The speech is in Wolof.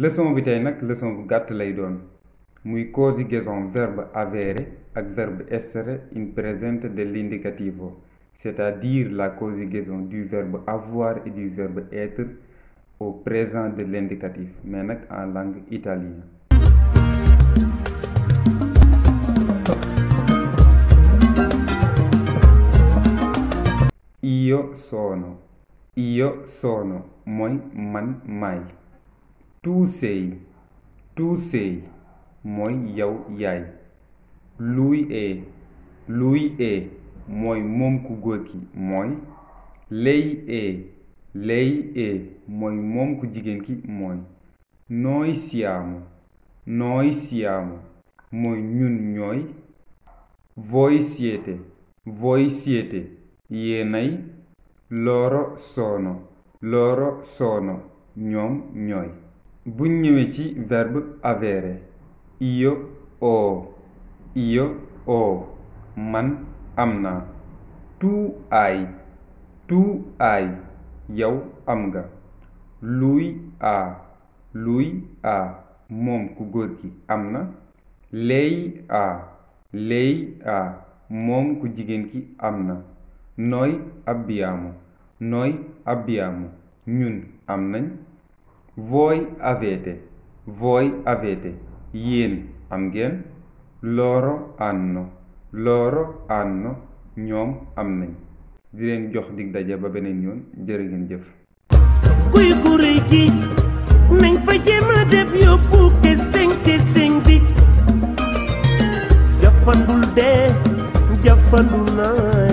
leçon bi tey nag leçon bu gàtt lay doon muy conjugaison verbe avere ak verbe essere in presente dell'indicativo c'est-à-dire la conjugaison du verbe avoir et du verbe être au présent de l'indicatif mais nag en langue italienne. io sono io sono mooy man maay tuusey tuusey mooy yow yaay luuy ee luuy ee mooy moom ku góor ki mooy ley ee ley ee mooy moom ku jigéen ki mooy nooy siyaamu nooy siyaamu mooy ñun ñooy voy siete voy siete yéenay loro soono loro soono ñoom ñooy buñ ñëwee ci verbe avere io ho io ho man am naa tu ay tu ay yow am nga lui a lui a moom ku góor ki am na lay a lay a moom ku jigéen ki am na noi abbiamo noi abbiamo ñun am nañ voi avete, voi avete, yéen am ngeen, loro hanno, loro hanno, ñoom am nañ. di leen jox dig daje ba beneen yoon jërë ngeen jëf. kuy guri ji nañ fa jéem a def yóbbu keseŋ bi jafandul dee jafandul naa.